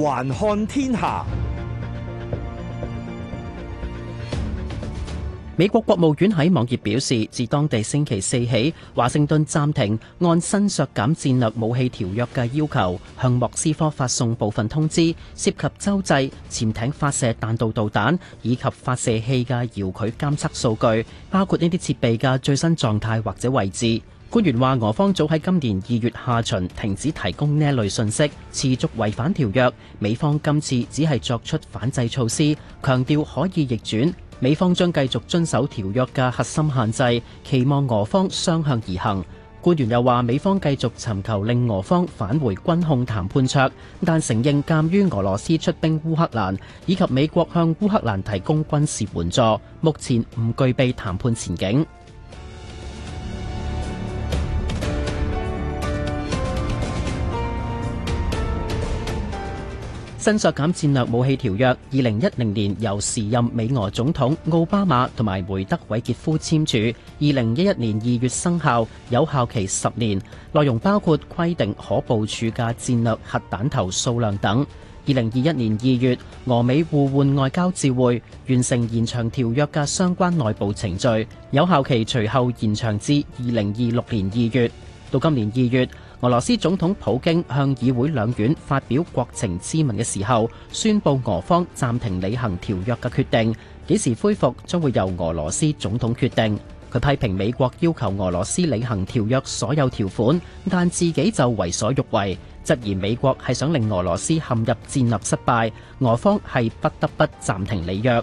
環看天下。美國國務院喺網頁表示，自當地星期四起，華盛頓暫停按新削減戰略武器條約嘅要求，向莫斯科發送部分通知，涉及洲際潛艇發射彈道導彈以及發射器嘅遙距監測數據，包括呢啲設備嘅最新狀態或者位置。官員話：俄方早喺今年二月下旬停止提供呢類信息，持續違反條約。美方今次只係作出反制措施，強調可以逆轉。美方將繼續遵守條約嘅核心限制，期望俄方相向而行。官員又話：美方繼續尋求令俄方返回軍控談判桌，但承認鑒於俄羅斯出兵烏克蘭以及美國向烏克蘭提供軍事援助，目前唔具備談判前景。新削減戰略武器條約，二零一零年由時任美俄總統奧巴馬同埋梅德韋傑夫簽署，二零一一年二月生效，有效期十年，內容包括規定可部署嘅戰略核彈頭數量等。二零二一年二月，俄美互換外交照會，完成延長條約嘅相關內部程序，有效期隨後延長至二零二六年二月。到今年二月。俄羅斯總統普京向議會兩院發表國情咨文嘅時候，宣布俄方暫停履行條約嘅決定，幾時恢復將會由俄羅斯總統決定。佢批評美國要求俄羅斯履行條約所有條款，但自己就為所欲為，質疑美國係想令俄羅斯陷入戰略失敗，俄方係不得不暫停履約。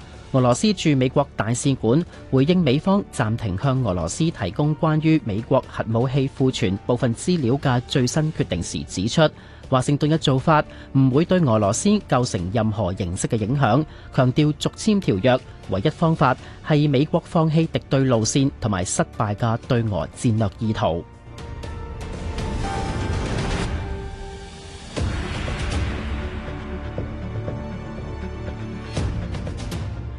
俄羅斯駐美國大使館回應美方暫停向俄羅斯提供關於美國核武器庫存部分資料嘅最新決定時指出，華盛頓嘅做法唔會對俄羅斯構成任何形式嘅影響，強調續簽條約唯一方法係美國放棄敵對路線同埋失敗嘅對俄戰略意圖。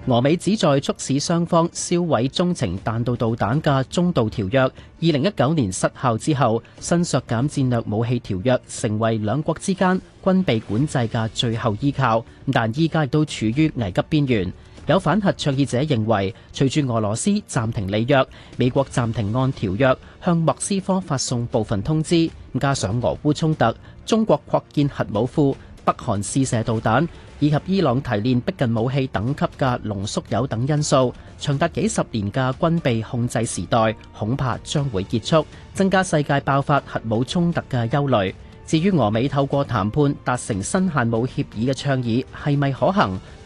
俄美旨在促使雙方銷毀中程彈道導彈嘅《中導條約》，二零一九年失效之後，新削減戰略武器條約成為兩國之間軍備管制嘅最後依靠，但依家亦都處於危急邊緣，有反核倡議者認為，隨住俄羅斯暫停履約，美國暫停按條約向莫斯科發送部分通知，加上俄烏衝突、中國擴建核武庫，北韓試射導彈以及伊朗提煉逼近武器等級嘅濃縮鈾等因素，長達幾十年嘅軍備控制時代恐怕將會結束，增加世界爆發核武衝突嘅憂慮。至於俄美透過談判達成新限武協議嘅倡議係咪可行？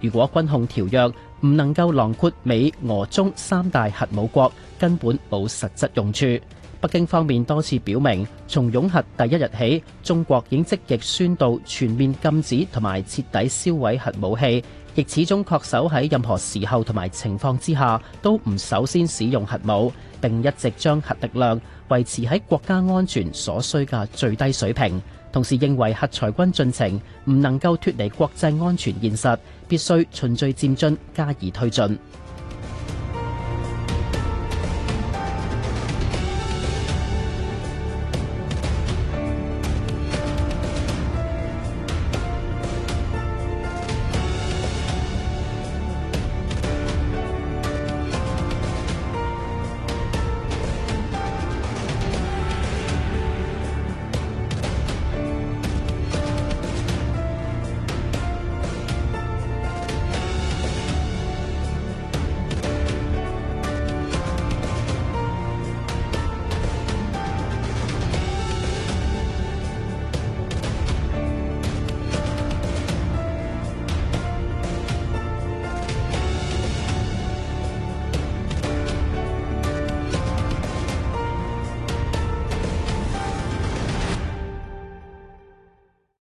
如果軍控條約唔能夠囊括美俄中三大核武國，根本冇實質用處。北京方面多次表明，從擁核第一日起，中國已經積極宣導全面禁止同埋徹底銷毀核武器，亦始終確守喺任何時候同埋情況之下都唔首先使用核武，並一直將核力量維持喺國家安全所需嘅最低水平。同時認為核裁軍進程唔能夠脫離國際安全現實，必須循序漸進加以推進。